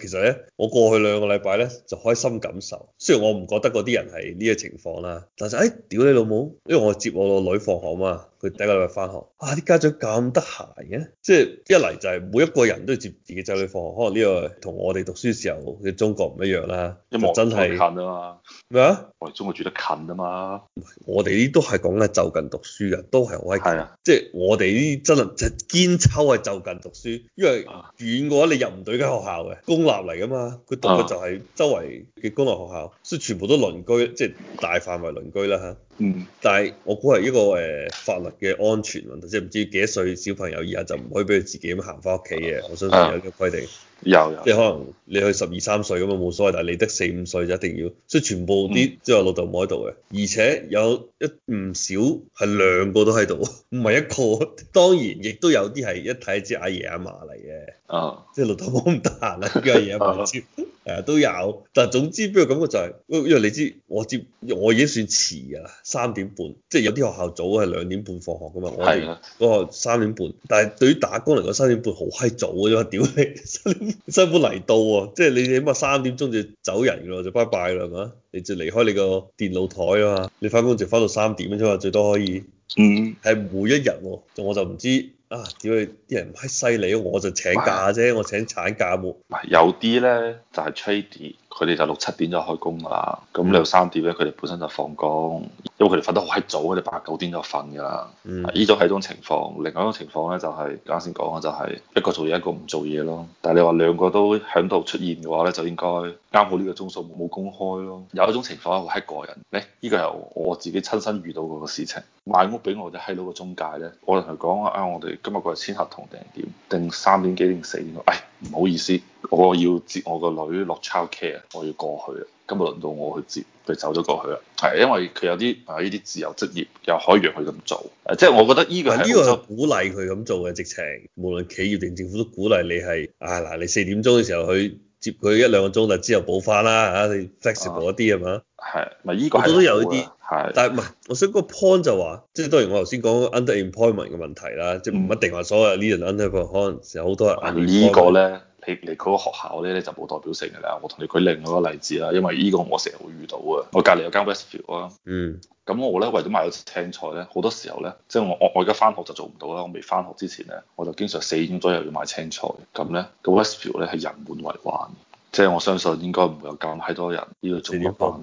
其實咧，我過去兩個禮拜咧就開心感受。雖然我唔覺得嗰啲人係呢個情況啦，但係誒、哎，屌你老母！因為我接我個女放學嘛。佢第一個禮拜翻學，啊啲家長咁得閒嘅，即係一嚟就係每一個人都接自己仔女放學，可能呢個同我哋讀書時候嘅中國唔一樣啦。因為真係近啊嘛，咩啊麼？我哋中國住得近啊嘛。我哋呢都係講緊就近讀書嘅，都係好以。係啊的，即係我哋呢真係就堅抽係就近讀書，因為遠嘅話你入唔到間學校嘅，公立嚟噶嘛，佢讀嘅就係周圍嘅公立學校，啊、所以全部都鄰居，即、就、係、是、大範圍鄰居啦嚇。嗯，但係我估係一個誒、呃、法律嘅安全問題，即係唔知幾多歲小朋友以下就唔可以俾佢自己咁行翻屋企嘅。啊、我相信有呢個規定，有有。即係可能你去十二三歲咁啊冇所謂，但係你得四五歲就一定要，所以全部啲即係老豆母喺度嘅。嗯、而且有一唔少係兩個都喺度，唔係一個。當然亦都有啲係一睇知阿爺阿嫲嚟嘅，啊、即係老豆、啊、母唔得閒啦，叫阿爺阿嫲住。誒都有，但係總之，不過感覺就係、是，因為你知我接，我已經算遲㗎啦，三點半，即係有啲學校早係兩點半放學㗎嘛，我嗰個三點半，是的 但係對於打工嚟講，三點半好閪早啊，因為屌你三點三嚟到啊，即係你起碼三點鐘就走人㗎啦，就拜拜啦，係嘛？你就離開你個電腦台啊嘛，你翻工就翻到三點啊嘛，最多可以，嗯，係每一日喎，我就唔知。啊！屌你啲人唔閪犀利，我就請假啫，喂我請產假冇、啊。唔係有啲咧就係吹笛佢哋就六七點就開工啦，咁兩三點咧，佢哋本身就放工，嗯、因為佢哋瞓得好係早，佢哋八九點就瞓噶啦。呢、嗯、種係一種情況，另外一種情況咧就係啱先講嘅就係一個做嘢，一個唔做嘢咯。但係你話兩個都喺度出現嘅話咧，就應該啱好呢個鐘數冇工開咯。有一種情況係一個人，呢依個係我自己親身遇到過嘅事情。賣屋俾我嘅閪佬嘅中介咧，我同佢講啊，我哋今日過去簽合同定點定三點幾定四點？哎唔好意思，我要接我個女落 childcare，我要過去啊。今日輪到我去接，佢走咗過去啦。係因為佢有啲啊，依啲自由職業又可以讓佢咁做。即係我覺得呢個係，依、啊呢個鼓勵佢咁做嘅直情，無論企業定政府都鼓勵你係啊嗱，你四點鐘嘅時候去。接佢一兩個鐘就之後補翻啦嚇，你 flexible 一啲係嘛？係、啊，咪依、這個係。咁都有呢啲，的但係唔係，我想個 point 就話，即係當然我頭先講 underemployment 嘅問題啦，嗯、即係唔一定話所有呢人 underemployment，可能有好多人 underemployment。依個咧？你嗰個學校咧，就冇代表性㗎啦。我同你舉另外一個例子啦，因為呢個我成日會遇到啊。嗯、我隔籬有間 Westfield 啊，嗯，咁我咧為咗買一青菜咧，好多時候咧，即係我我我而家返學就做唔到啦。我未返學之前咧，我就經常四點左右要買青菜。咁咧，個 Westfield 咧係人滿為患，即係我相信應該唔會有咁閪多人呢度做個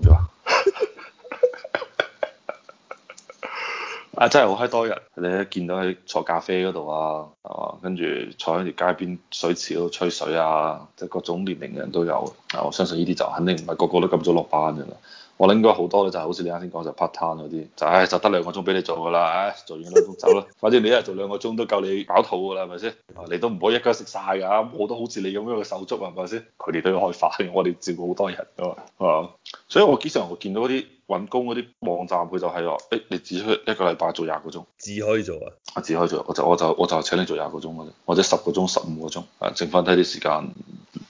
啊，真係好閪多人，你一見到喺坐咖啡嗰度啊，哦、啊，跟住坐喺條街邊水池度吹水啊，即係各種年齡人都有。啊，我相信呢啲就肯定唔係個都、哎、個個都咁早落班嘅啦。我諗應該好多咧就係好似你啱先講就 part time 嗰啲，就唉就得兩個鐘俾你做噶啦，做完兩個鐘走啦。反正你一日做兩個鐘都夠你飽肚㗎啦，係咪先？你都唔可以一家食晒㗎。咁好多好似你咁樣嘅手足係咪先？佢哋都要開飯，我哋照顧好多人嘅嘛。係嘛，所以我經常我見到啲。揾工嗰啲網站佢就係、話、哦，誒、欸、你只可以一個禮拜做廿個鐘，只可以做啊？我只可以做，我就我就我就請你做廿個鐘嘅啫，或者十個鐘、十五個鐘啊，剩翻低啲時間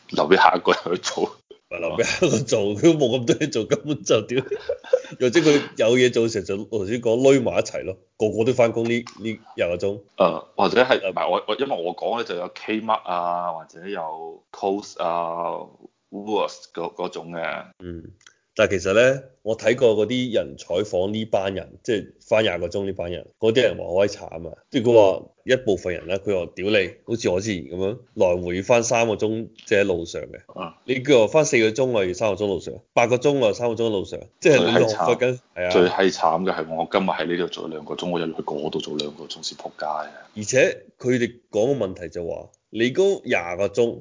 留俾下一個人去做。咪留俾下一個做，佢 都冇咁多嘢做，根本就屌。又即佢有嘢做嘅時候，就頭先講攏埋一齊咯，個個都翻工呢呢廿個鐘。誒、呃，或者係誒，唔我我，因為我講咧就有 Kmart 啊，或者有 Coles、uh 啊，Woolworths 嗰種嘅。嗯。嗯。但係其實咧，我睇過嗰啲人採訪呢班人，即係翻廿個鐘呢班人，嗰啲人話好閪慘啊！即係佢話一部分人咧，佢話屌你，好似我之前咁樣，來回翻三個鐘，即係喺路上嘅。啊、嗯！你叫我翻四個鐘，我係三個鐘路上，八個鐘我係三個鐘路上，即係你浪費緊。係啊！最閪慘嘅係我今日喺呢度做兩個鐘，我又去嗰度做兩個鐘，先撲街。而且佢哋講個問題就話，你嗰廿個鐘。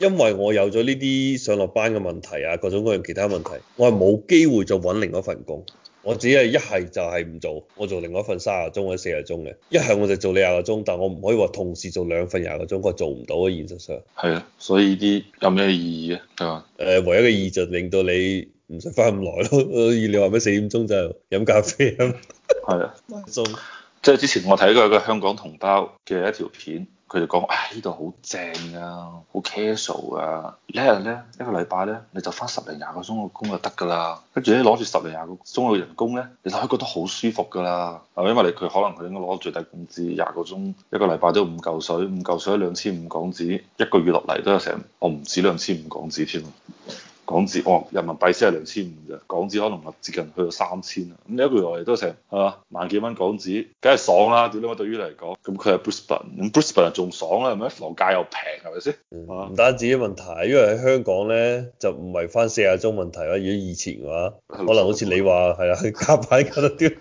因為我有咗呢啲上落班嘅問題啊，各種各樣其他問題，我係冇機會再揾另一份工，我只係一係就係唔做，我做另一份三十鐘或者四十鐘嘅，一係我就做你廿個鐘，但我唔可以話同時做兩份廿個鐘，我做唔到啊現實上。係啊，所以啲有咩意義啊？係嘛？呃，唯一嘅意義就令到你唔使翻咁耐咯。所以你話咩四點鐘就飲咖啡咁？係啊， 鬆即係之前我睇過一個香港同胞嘅一條片。佢就講，唉、哎，呢度好正啊，好 casual 啊。一日呢，一個禮拜呢，你就翻十零廿個鐘嘅工就得㗎啦。跟住咧，攞住十零廿個鐘嘅人工呢，你就可以覺得好舒服㗎啦。因為你佢可能佢應該攞最低工資，廿個鐘一個禮拜都五嚿水，五嚿水一兩千五港紙，一個月落嚟都有成，我唔止兩千五港紙添。港紙哦，人民幣先係兩千五咋，港紙可能啊接近去到三千啦。咁你一個月嚟都成係嘛萬幾蚊港紙，梗係爽啦！屌你我對於嚟講，咁佢係布里斯本，咁布里斯本仲爽啦，係咪啊？樓價又平，係咪先？唔單止啲問題，因為喺香港咧就唔係翻四廿鐘問題啦。如果以前嘅話，可能好似你話係啊，加擺加得啲。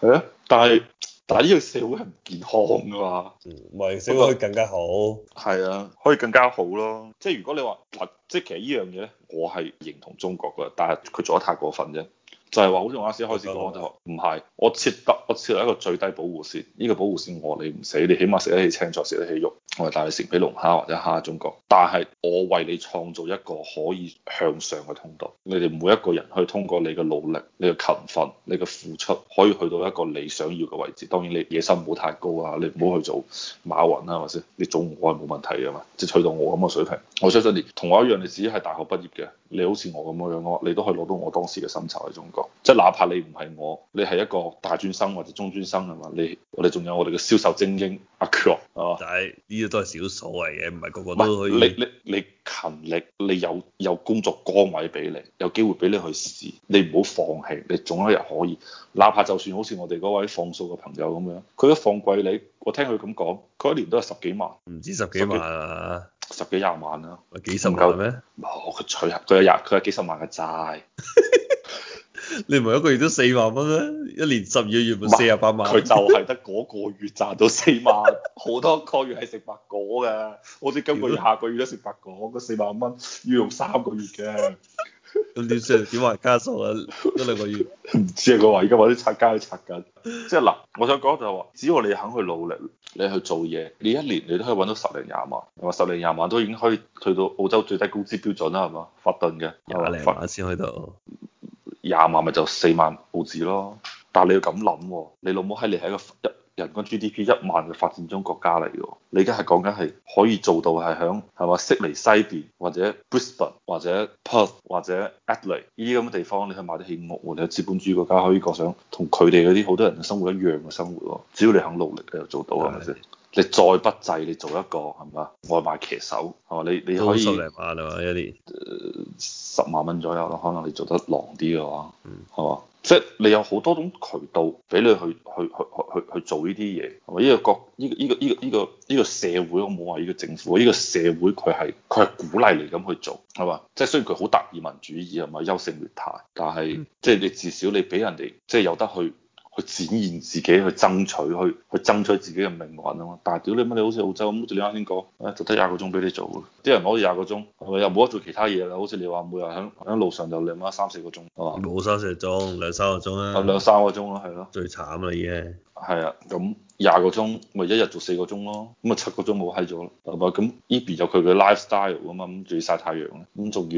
係啊，但係。但係呢個社會係唔健康㗎嘛、嗯，唔係社會可以更加好、那個，係啊，可以更加好咯。即係如果你話嗱，即係其實呢樣嘢咧，我係認同中國㗎，但係佢做得太過分啫。就係話好似我啱先開始講就唔係，我設得我設立一個最低保護線，呢、這個保護線我你唔死，你起碼食得起青菜，食得起肉。我話但係食唔起龍蝦或者蝦中角，但係我為你創造一個可以向上嘅通道，你哋每一個人可以通過你嘅努力、你嘅勤奮、你嘅付出，可以去到一個你想要嘅位置。當然你野心唔好太高啊，你唔好去做馬雲啊，係咪先？你做我係冇問題嘅嘛，即係去到我咁嘅水平。我相信你同我一樣，你自己係大學畢業嘅。你好似我咁樣嘅，你都可以攞到我當時嘅薪酬喺中國。即係哪怕你唔係我，你係一個大專生或者中專生啊嘛，你我哋仲有我哋嘅銷售精英阿強是啊。但係呢啲都係少所謂嘅，唔係個個都可以。你你你，你勤力，你有有工作崗位俾你，有機會俾你去試，你唔好放棄，你總有一日可以。哪怕就算好似我哋嗰位放數嘅朋友咁樣，佢一放季你，我聽佢咁講，佢一年都有十幾萬，唔止十幾萬、啊十幾廿萬啦、啊，幾十嚿咩？佢除合，佢廿，佢有，有，有幾十萬嘅債。 你唔係一個月都四萬蚊咩？一年十二個月冇四十八萬。佢就係得嗰個月賺到四萬，好 多個月係食白果㗎。好似今個月、下個月都食白果，嗰 四萬蚊要用三個月嘅。 咁點算點話加數啊？一兩 個月唔 知啊，佢話而家話啲拆家都拆緊，即係嗱，我想講 就係話，只要你肯去努力，你去做嘢，你一年你都可以搵到十零廿萬，話十零廿萬都已經可以去到澳洲最低工資標準啦，係嘛？法頓嘅廿零先去到廿萬咪就四萬澳紙咯，但係你要咁諗、哦，你老母喺你喺一個人均 GDP 一萬嘅發展中國家嚟嘅，你而家係講緊係可以做到係響係話悉尼西邊或者 Brisbane 或者 Perth 或者 Adelaide 依啲咁嘅地方，你去買得起屋，你喺資本主義國家可以過上同佢哋嗰啲好多人嘅生活一樣嘅生活喎，只要你肯努力你就做到係咪先？是的 你再不濟，你做一個係咪外賣騎手係嘛？你你可以一年，呃、十萬蚊左右咯，可能你做得狼啲嘅話，嗯係嘛？即係你有好多種渠道俾你去去去去去去做呢啲嘢，係嘛？呢、這個國呢呢、這個呢、這個呢、這個呢、這個社會，我冇話呢個政府，呢、這個社會佢係佢係鼓勵你咁去做，係嘛？即係雖然佢好大二民主義係咪優勝劣汰，但係、嗯、即係你至少你俾人哋即係有得去。去展現自己，去爭取，去去爭取自己嘅命運啊嘛！但係屌你乜？你好似澳洲咁，好似你啱先講，誒，就得廿個鐘俾你做，啲人攞住廿個鐘，咪又冇得做其他嘢啦！好似你話每日響響路上就兩蚊、啊、三四個鐘，係冇三四個鐘，兩三個鐘啊！兩、啊、三個鐘咯，係咯，最慘啦，依家係啊，咁、啊。廿個鐘咪一日做四個鐘咯，咁啊七個鐘冇閪咗，係咪？咁呢邊有佢嘅 lifestyle 啊嘛，咁仲要曬太陽咁仲要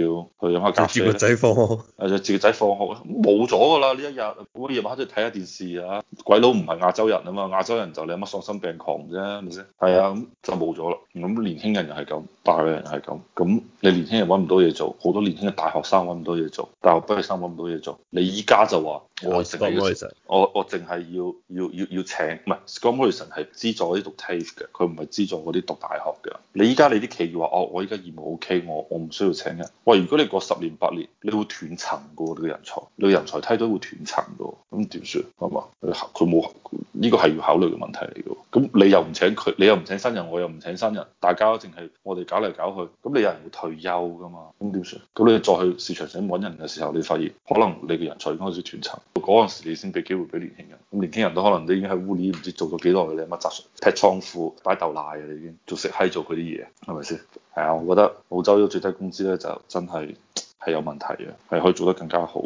去飲下咖啡。個仔放學，誒接住個仔放學，冇咗㗎啦呢一日。咁夜晚黑都睇下電視啊！鬼佬唔係亞洲人啊嘛，亞洲人就你乜喪心病狂啫，係咪先？係啊，咁就冇咗啦。咁年輕人又係咁，大嘅人係咁。咁你年輕人揾唔到嘢做，好多年輕嘅大學生揾唔到嘢做，大學畢業生揾唔到嘢做。你依家就話我淨係，我我淨係要要要要，要，要請唔係。咁佢神係資助嗰啲讀 TAFE 嘅，佢唔係資助嗰啲讀大學嘅。你依家你啲企業話哦，我依家業務 OK，我我唔需要請人。喂，如果你過十年八年，你會斷層嘅喎，你嘅人才你嘅人才梯都會斷層咯。咁點算係嘛？佢冇呢個係要考慮嘅問題嚟嘅。咁你又唔請佢，你又唔請新人，我又唔請新人，大家淨係我哋搞嚟搞去，咁你有人會退休㗎嘛？咁點算？咁你再去市場上揾人嘅時候，你發現可能你嘅人才開始斷層，嗰陣時你先俾機會俾年輕人。咁年輕人都可能都已經喺 Uni 唔知做幾耐咧？乜砸碎劈倉庫，擺豆奶，啊！你已經做食閪，做嗰啲嘢，係咪先？係啊，我覺得澳洲呢個最低工資咧，就真係係有問題啊，係可以做得更加好。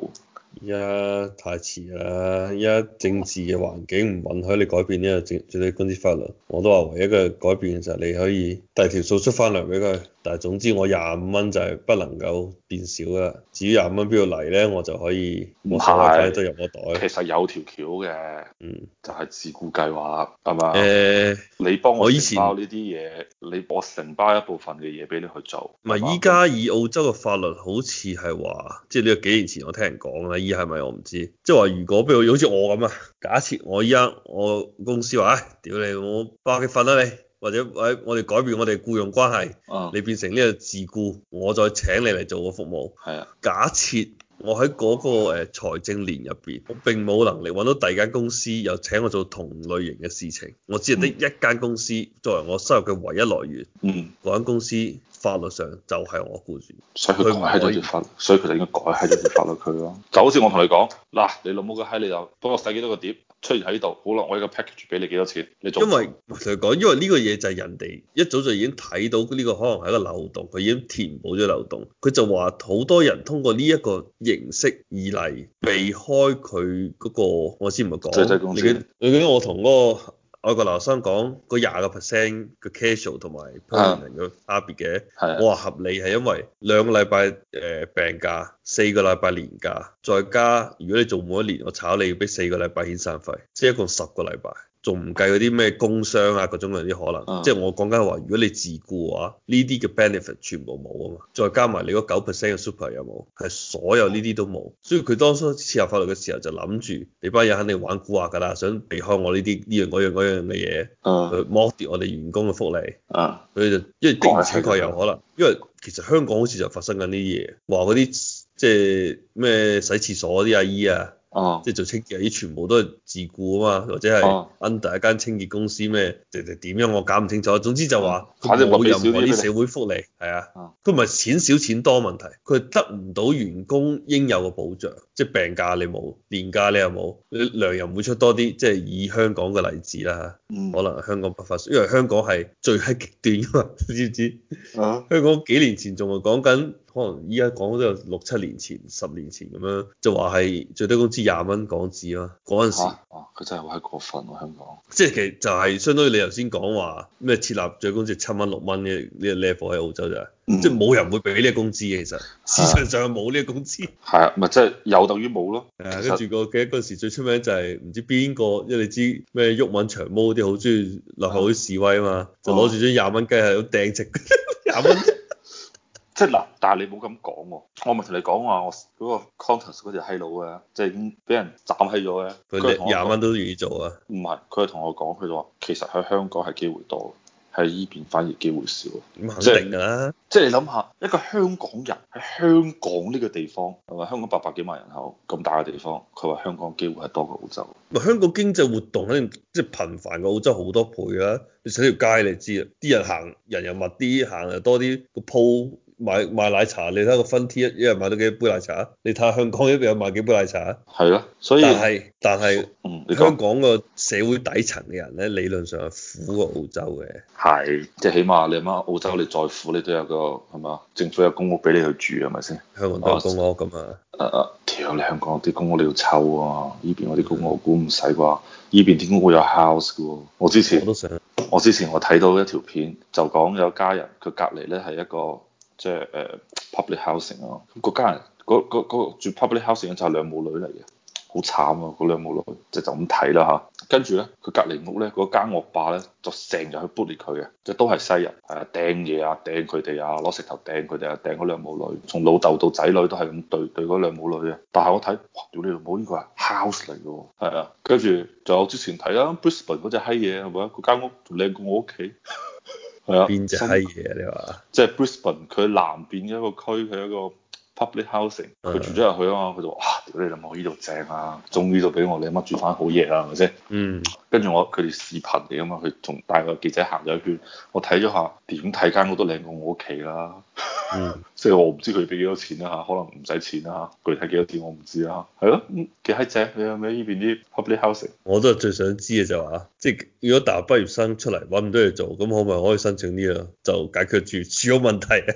而家太遲啦！依家政治嘅環境唔允許你改變呢個政最低工資法律。我都話唯一嘅改變就係你可以第二條做出翻嚟俾佢。但係總之我廿五蚊就係不能夠變少噶啦。至於廿五蚊邊度嚟咧，我就可以冇所謂都入我袋。其實有條橋嘅，嗯、就係自雇計劃，係嘛？誒、欸，你幫我承包呢啲嘢，我你我承包一部分嘅嘢俾你去做。唔係是，依家吧以澳洲嘅法律好似係話，即係呢個幾年前我聽人講啦，依係咪我唔知。即係話如果譬如好似我咁啊，假設我依家我公司話，唉、哎，屌你，我包佢份啦你。或者我哋改變我哋僱用關係，你、oh. 變成呢個自雇，我再請你嚟做個服務。係啊，假設我喺嗰個誒財政年入邊，我並冇能力揾到第二間公司又請我做同類型嘅事情，我只係得一間公司，mm. 作為我收入嘅唯一來源。嗯，嗰間公司。法律上就係我顧住，所以佢改喺呢條法律，可以 所以佢就應該改喺呢條法律區咯、啊。就好似我同你講，嗱，你老母佢喺你就幫我洗幾多個碟出現喺呢度，好啦，我呢個 package 俾你幾多錢，你做。因為同你講，因為呢個嘢就係人哋一早就已經睇到呢個可能係一個漏洞，佢已經填補咗漏洞。佢就話好多人通過呢一個形式以嚟避開佢嗰、那個，我先唔係講。實際公你見我同嗰、那個。外國留學生講個廿個 percent 嘅 casual 同埋 permanent 嘅差別嘅，啊、我話合理係因為兩個禮拜誒病假，四個禮拜年假，再加如果你做滿一年，我炒你要畀四個禮拜遣散費，即係一共十個禮拜。仲唔計嗰啲咩工傷啊，嗰種嗰啲可能，即係、嗯、我講緊係話，如果你自雇嘅話，呢啲嘅 benefit 全部冇啊嘛，再加埋你嗰九 percent 嘅 super 有冇？係所有呢啲都冇，所以佢當初設立法律嘅時候就諗住你班人肯定玩古惑噶啦，想避開我呢啲呢樣嗰樣嗰樣嘅嘢，去剝奪我哋員工嘅福利，所以就因為的確，確有可能，因為其實香港好似就發生緊呢啲嘢，話嗰啲即係咩洗廁所嗰啲阿姨、uh, 嗯、啊，即係做清潔阿姨全部都係。事故啊嘛，或者係 under、啊、一間清潔公司咩？定定點樣？我搞唔清楚、啊。總之就話佢冇任何啲社會福利，係、嗯、啊，佢唔係錢少錢多問題，佢得唔到員工應有嘅保障，即係病假你冇，年假你又冇，糧又唔會出多啲。即係以香港嘅例子啦、啊，可能香港不發，因為香港係最係極端啊嘛，知唔知？啊、香港幾年前仲講緊，可能依家講都有六七年前、十年前咁樣，就話係最低工資廿蚊港紙啊，嗰陣時。哦，佢真係好閪過分喎、啊！香港，即係其實就係相當於你頭先講話咩設立最低工資七蚊六蚊嘅呢個 level 喺澳洲就係、是，嗯、即係冇人會俾呢個工資嘅，其實市、啊、場上冇呢個工資，係啊，咪即係有等於冇咯。誒、啊，跟住實個幾嗰陣時最出名就係唔知邊個，因為你知咩毓民長毛嗰啲好中意落去啲示威啊嘛，就攞住張廿蚊雞喺度掟直廿蚊。 元雞 即嗱，但係你冇咁講喎。我咪同你講話、啊，我嗰個 counter 嗰條閪佬啊，即已經俾人斬閪咗啊。佢廿蚊都願意做啊？唔係，佢係同我講，佢就話其實喺香港係機會多，喺依邊反而機會少。咁肯定㗎、啊、啦。即係、即係即係、你諗下，一個香港人喺香港呢個地方，係咪香港八百幾萬人口咁大嘅地方，佢話香港機會係多過澳洲。香港經濟活動肯定即係頻繁過澳洲好多倍啊。你睇條街你知啊，啲人行人又密啲，行又多啲，個鋪。買買奶茶，你睇下，個分 T 一一日買到幾杯奶茶，你睇下香港呢邊有買幾杯奶茶啊？係咯，所以但係但係，嗯、你香港個社會底層嘅人咧，理論上係苦過澳洲嘅。係即係起碼你阿媽澳洲，你再苦，你都有個係嘛？政府有公屋俾你去住，係咪先？香港有公屋咁嘛？啊啊！屌你香港啲公屋你要臭啊！呢邊我啲公屋估唔使啩，呢邊點解會有 house 嘅、啊？我之前我都想，我之前我睇到一條片，就講有家人佢隔籬咧係一個。即係誒、uh, public housing 啊，咁、那、嗰、個、家人嗰嗰、那個那個那個、住 public housing 嘅就兩母女嚟嘅，好慘啊嗰兩母女，即係就咁睇啦嚇。跟住咧，佢隔離屋咧嗰間惡霸咧，就成日去 bully 佢嘅，即都係西人係啊，掟嘢啊，掟佢哋啊，攞石頭掟佢哋啊，掟嗰兩母女，從老豆到仔女都係咁對對嗰兩母女啊。但係我睇，哇！屌你老母，呢個係 house 嚟嘅喎，係啊。跟住仲有之前睇啦，Brisbane 嗰隻閪嘢係咪啊？嗰間、那個、屋仲靚過我屋企。 係啊，邊隻嘢你話說，即係 Brisbane 佢南邊一個區，佢一個 public housing，佢、uh. 住咗入去啊嘛，佢就話：哇，屌你老母，呢度正啊，終於就俾我，你乜住翻好嘢啦、啊，係咪先？嗯，跟住我佢哋視頻嚟啊嘛，佢仲帶個記者行咗一圈，我睇咗下點睇間屋都靚過我屋企啦。嗯，即係我唔知佢俾幾多錢啦、啊、吓，可能唔使錢啦、啊、吓，具體幾多點我唔知啊。係咯、啊嗯，幾閪正你有下呢邊啲 public housing 我都係最想知嘅就係、是、吓，即係如果大學畢業生出嚟揾唔到嘢做，咁可唔可以申請啲、這、啊、個，就解決住住屋問題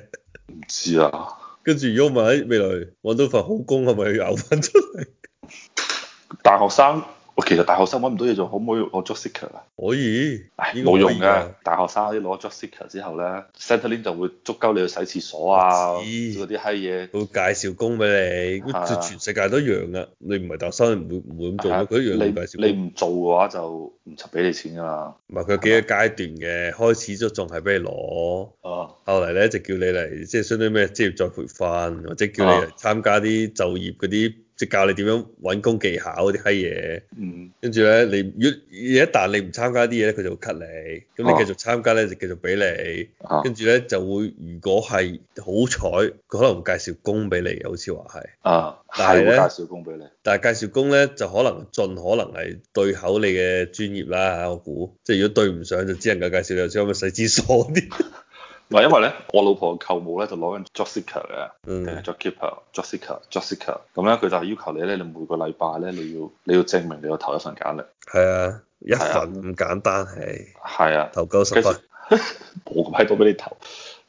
唔知啊，跟住如果問喺未來揾到份好工，係咪要又翻出嚟？ 大學生。我其實大學生揾唔到嘢做，可唔可以攞 job seeker 啊？可以，冇用嘅。以大學生可以攞 job seeker 之後咧，Centrelink 就會捉你去洗廁所啊，嗰啲閪嘢。佢介紹工俾你，啊、全世界都一樣噶。你唔係大學生，你唔會唔會咁做。佢一樣會介紹工，你唔做嘅話就唔插俾你錢㗎嘛。唔係佢有幾個階段嘅，啊、開始都仲係俾你攞。哦、啊。後嚟咧，就叫你嚟，即係相對咩職業再培訓，或者叫你嚟參加啲就業嗰啲。即教你點樣揾工技巧嗰啲閪嘢，嗯、跟住咧你，如一旦你唔參加啲嘢咧，佢就會 cut 你。咁你繼續參加咧，啊、就繼續俾你。跟住咧就會，如果係好彩，佢可能會介紹工俾你，好似話係。啊，但係咧介紹工俾你，但係介紹工咧就可能盡可能係對口你嘅專業啦嚇。我估即係如果對唔上，就只能夠介紹你去啲細資所啲。嗯 唔因為咧，我老婆舅母咧就攞緊 JobSeeker 嘅定係 JobSeeker，JobSeeker，JobSeeker 咁咧，佢就係要求你咧，你每個禮拜咧，你要你要證明你要投一份簡歷。係啊，啊一份咁簡單？係係啊，投夠十份，冇咁多俾你投，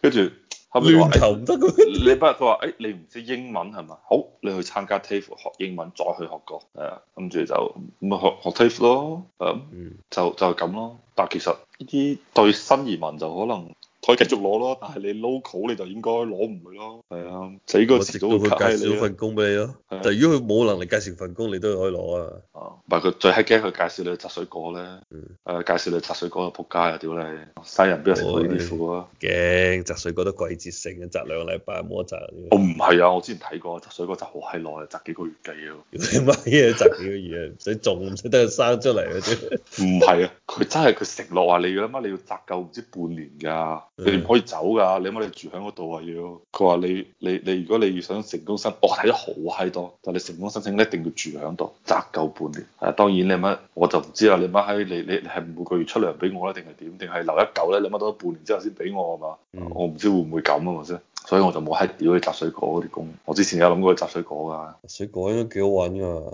跟住後邊亂投唔得你不佢話誒，你唔識英文係嘛？好，你去參加 TAFE 學英文，再去學歌。係啊，跟住就咁學學 TAFE 咯。咁、嗯、就就係咁咯。但係其實呢啲對新移民就可能。可以繼續攞咯，但係你 local 你就應該攞唔去咯。係啊，死依個我直接佢介紹份工俾你咯。就、啊、如果佢冇能力介紹份工，你都可以攞啊。哦、啊，唔係佢最閪驚佢介紹你去摘水果咧。嗯、啊。介紹你去摘水果就仆街啊！屌你、欸，新人邊有食到啲苦啊？驚摘水果都季節性嘅，摘兩個禮拜，冇得摘。我唔係啊，我之前睇過摘水果就好閪耐，摘幾個月計啊！你乜嘢摘幾個月得得 啊？唔使種唔使等佢生出嚟啊？唔係啊，佢真係佢承諾話你，阿乜，你要摘夠唔知半年㗎。你唔可以走噶，你乜你住喺嗰度啊要？佢話你你你，你如果你要想成功申，哇睇得好閪多，但係你成功申請一定要住喺度，宅夠半年。誒、啊，當然你乜我就唔知啦。你乜閪你你係每個月出糧俾我咧，定係點？定係留一嚿咧？你乜到咗半年之後先俾我啊嘛？嗯、我唔知會唔會咁啊，咪先。所以我就冇喺屌去摘水果嗰啲工。我之前有諗過去摘水果噶，水果都幾好搵噶。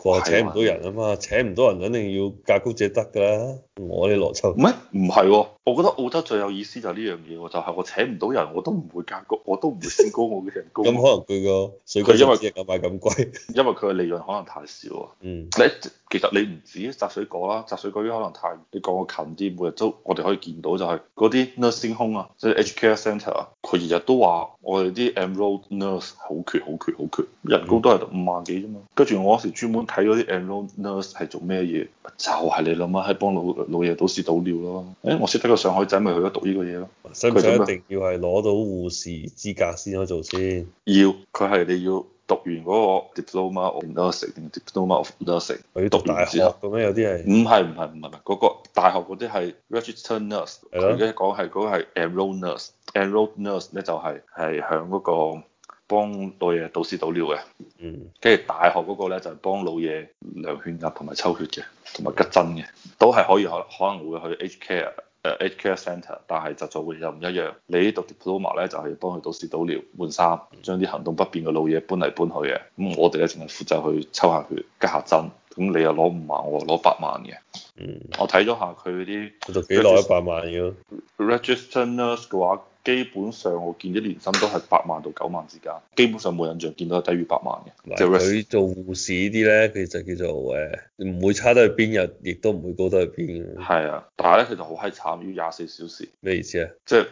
佢話請唔到人啊嘛，請唔到人肯定要價高者得噶啦。我啲邏輯唔係唔係喎。我覺得澳洲最有意思就呢樣嘢，就係我請唔到人，我都唔會加高，我都唔會升高我嘅人工。咁可能佢個水果因為嘅購咁貴， 因為佢嘅利潤可能太少。嗯，你其實你唔止摘水果啦，摘水果可能太，你講個近啲，每日都我哋可以見到就係、是、嗰啲 nursing 空啊，即、就、係、是、H K S c e n t e r 啊，佢日日都話我哋啲 amroad nurse 好缺好缺好缺，人工都係五萬幾啫嘛。跟住我嗰時專門睇嗰啲 amroad nurse 係做咩嘢，就係你諗啊，喺幫老老嘢倒屎倒尿咯。誒、欸，我識得。個上海仔咪去咗讀呢個嘢咯。使唔使一定要係攞到護士資格先可以做先？要佢係你要讀完嗰個 diploma nursing diploma nursing 我要讀大學咁樣，有啲係唔係唔係唔係唔係嗰個大學嗰啲係 registered nurse 的。而家講係嗰個係 enrolled nurse enrolled nurse 呢就係係響嗰個幫老嘢導屎導尿嘅。嗯，跟住大學嗰個咧就係、是、幫老嘢量血壓同埋抽血嘅，同埋拮針嘅，都係可以可可能會去 H K 啊。誒 HCA centre 但係執咗嘅嘢又唔一樣。你讀呢讀 diploma 咧，就係、是、幫佢倒屎倒尿、換衫、將啲行動不便嘅老嘢搬嚟搬去嘅。咁我哋咧，淨係負責去抽下血、加下針。咁你又攞五萬，我攞八萬嘅。嗯，我睇咗下佢嗰啲，幾耐一百萬嘅？Registered nurse 嘅話。基本上我見一年薪都係八萬到九萬之間，基本上冇印象見到係低於八萬嘅。即佢做護士呢啲咧，其實叫做誒，唔會差得去邊日，亦都唔會高得去邊嘅。係啊，但係咧，其實好閪慘，要廿四小時。咩意思啊？即係。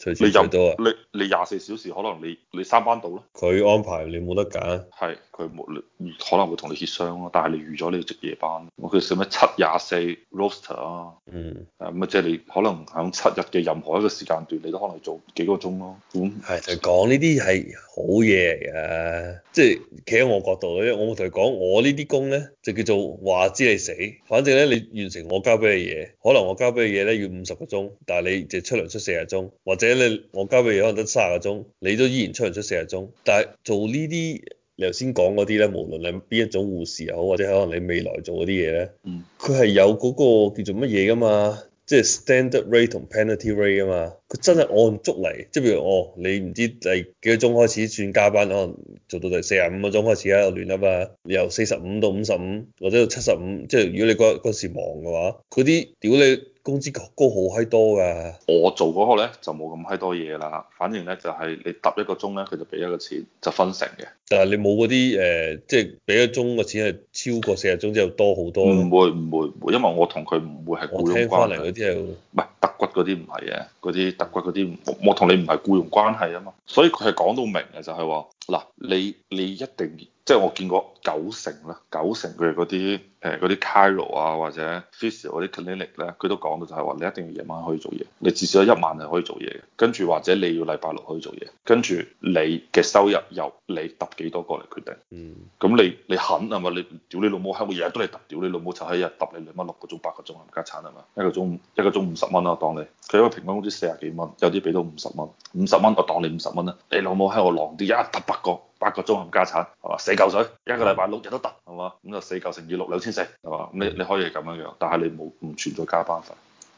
到啊、你入又你你廿四小時可能你你三班到咯，佢安排你冇得揀、啊，係佢冇可能會同你協商咯，但係你預咗你要值夜班，我佢寫乜七廿四 roster 啊，嗯，咁啊即係你可能響七日嘅任何一個時間段，你都可能做幾個鐘咯、啊，咁係佢講呢啲係好嘢嚟嘅，即係企喺我角度咧，我會同佢講我呢啲工咧就叫做話知你死，反正咧你完成我交俾你嘢，可能我交俾你嘢咧要五十個鐘，但係你就出糧出四十鐘或者。你我交俾嘢可能得卅個鐘，你都依然出唔出四十個鐘。但係做呢啲你頭先講嗰啲咧，無論你邊一種護士又好，或者可能你未來做嗰啲嘢咧，佢係有嗰個叫做乜嘢㗎嘛？即係 standard rate 同 penalty rate 㗎嘛？佢真係按足嚟，即係譬如哦，你唔知第幾個鐘開始算加班，可能做到第四十五個鐘開始喺度亂噏嘛，由四十五到五十五或者到七十五，即係如果你嗰時忙嘅話，嗰啲屌你！工資高高好閪多嘅。我做嗰個咧就冇咁閪多嘢啦。反正咧就係、是、你揼一個鐘咧，佢就俾一個錢，就分成嘅。但係你冇嗰啲誒，即係俾一個鐘個錢係超過四十鐘之後、就是、多好多？唔會唔會唔會，因為我同佢唔會係僱傭關係。我聽翻嚟啲係唔係揼骨嗰啲？唔係嘅。嗰啲揼骨嗰啲，我同你唔係僱傭關係啊嘛。所以佢係講到明嘅就係話嗱，你你一定即係、就是、我見過。九成啦，九成佢哋嗰啲誒嗰啲卡路啊或者 physical 嗰啲 clinic 咧，佢都講到就係話你一定要夜晚可以做嘢，你至少有一晚係可以做嘢，嘅。跟住或者你要禮拜六可以做嘢，跟住你嘅收入由你揼幾多個嚟決定。咁、嗯、你你肯係嘛？你屌你老母閪，我日日都嚟揼，屌你老母就閪日揼你兩蚊六個鐘，八個鐘冚家產係嘛？一個鐘一個鐘五十蚊啦，當你佢一個平均工資四十幾蚊，有啲俾到五十蚊，五十蚊我當你五十蚊啦，你老母閪我浪啲，一揼八個八個鐘冚家產係嘛？四嚿水一個。禮拜六日都得，係嘛？咁就四九乘二六兩千四，係嘛？你你可以咁樣樣，但係你冇唔存在加班費。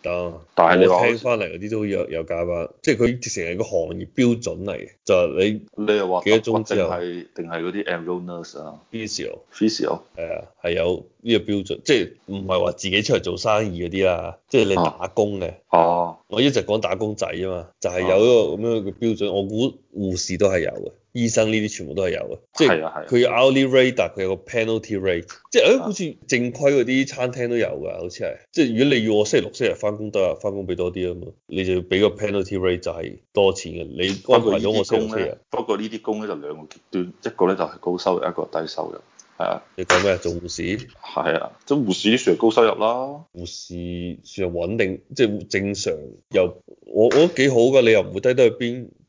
得、嗯。但係你聽翻嚟嗰啲都有又加班，即係佢成日個行業標準嚟嘅，就係、是、你你又話幾多鐘之後，定係定係嗰啲 ambulance 啊，physio physio，係啊，係有呢個標準，即係唔係話自己出嚟做生意嗰啲啦，即係你打工嘅。哦、啊。我一直講打工仔啊嘛，就係、是、有呢個咁樣嘅標準，我估護士都係有嘅。醫生呢啲全部都係有啊，即係佢 outlier rate 佢有個 penalty rate，即係誒好似正規嗰啲餐廳都有噶，好似係，即係如果你要我星期六、星期日翻工都啊，翻工俾多啲啊嘛，你就俾個 penalty rate 就係多錢嘅，你安排咗我星期六、星期日。不過呢啲工咧就兩個極端，一個咧就係高收入，一個低收入。係啊，你講咩？做護士？係啊，即係護士算係高收入啦，護士算係穩定，即係正常又我我覺得幾好噶，你又唔會低得去邊。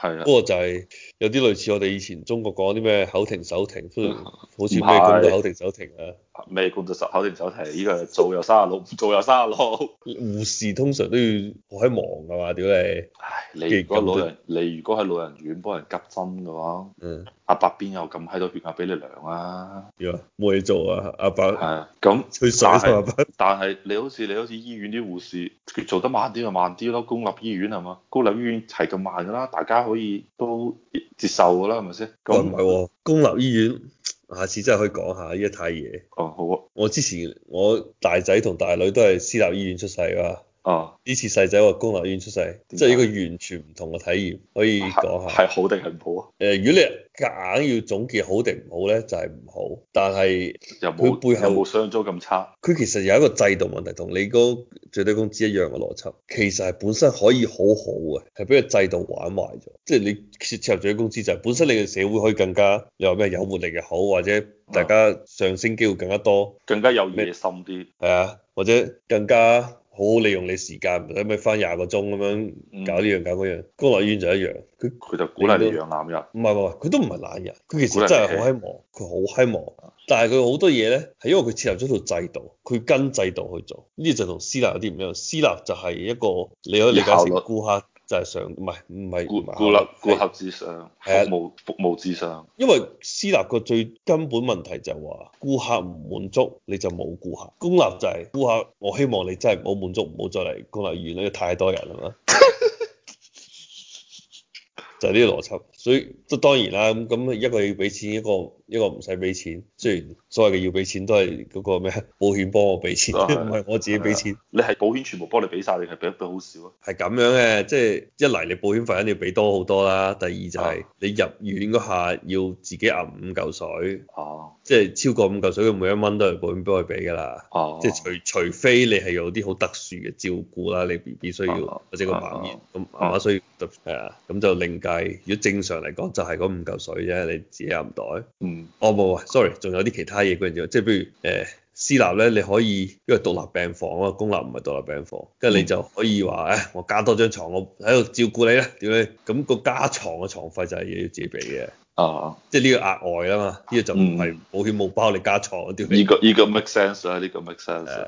係啦，是不過就係有啲類似我哋以前中國講啲咩口停手停，好似咩叫做口停手停啊？咩叫做十口停手停，呢個做又三十六，做又三十六。護士通常都要好閪忙㗎嘛，屌你！唉，你如果老人，你如果喺老人院幫人急針嘅話，阿伯邊有咁閪多血壓俾你量啊？冇嘢做啊，阿伯。係啊，咁最慘但係你好似你好似醫院啲護士，做得慢啲就慢啲咯。公立醫院係嘛？公立醫院係咁慢㗎啦，大家。可以都接受噶啦，係咪先？唔係喎，公立醫院下次真係可以講下呢一太嘢。哦，好啊。我之前我大仔同大女都係私立醫院出世㗎。哦，呢、啊、次細仔喺公立醫院出世，即係一個完全唔同嘅體驗，可以講下係好定係唔好啊？誒，如果你硬要總結好定唔好咧，就係、是、唔好。但係又冇，又冇想像中咁差。佢其實有一個制度問題，同你嗰最低工資一樣嘅邏輯。其實係本身可以好好嘅，係俾個制度玩壞咗。即、就、係、是、你切入最低工資就係、是、本身，你嘅社會可以更加你話咩有活力又好，或者大家上升機會更加多，嗯、更加有野心啲。係啊，或者更加。好，好利用你時間，咁咪翻廿個鐘咁樣搞呢樣搞嗰樣。公立醫院就一樣，佢，佢就鼓勵你養男人。唔係唔係，佢都唔係懶人，佢其實真係好希望，佢好希望。但係佢好多嘢咧，係因為佢設立咗套制度，佢跟制度去做。呢啲就同私立有啲唔一樣。私立就係一個你可以理解成顧客。就係上唔係唔係顧立是顧客，顧客至上，啊服、服務服務至上。因為私立個最根本問題就係話顧客唔滿足，你就冇顧客。公立就係顧客，我希望你真係唔好滿足，唔好再嚟公立醫院，因為太多人喇嘛， 就係呢個邏輯。所以當然啦，咁咁一個要俾錢，一個一個唔使俾錢。雖然所謂嘅要俾錢都係嗰個咩保險幫我俾錢、啊，唔係我自己俾錢。你係保險全部幫你俾晒，定係俾俾好少啊？係咁樣嘅，即係一嚟你保險費肯定要俾多好多啦。第二就係你入院嗰下要自己攬五嚿水，即係超過五嚿水嘅每一蚊都係保險幫佢俾㗎啦。即係除除非你係有啲好特殊嘅照顧啦，你必必需要或者個貧兒咁，媽媽需要特殊啊，咁就另計。如果正常嚟講就係、是嗰五嚿水啫，你自己入袋。嗯，哦，冇，sorry，仲有啲其他嘢嗰陣，即係譬如誒私立咧，你可以因為獨立病房啊嘛，公立唔係獨立病房，跟住、嗯、你就可以話誒，我加多張床，我喺度照顧你咧，點樣？咁、那個加床嘅床費就係要自己俾嘅。啊，即係呢個額外啊嘛，呢、這個就唔係保險冇包你加床呢、嗯、這個呢、這個 make sense 啊，呢個 make sense。Uh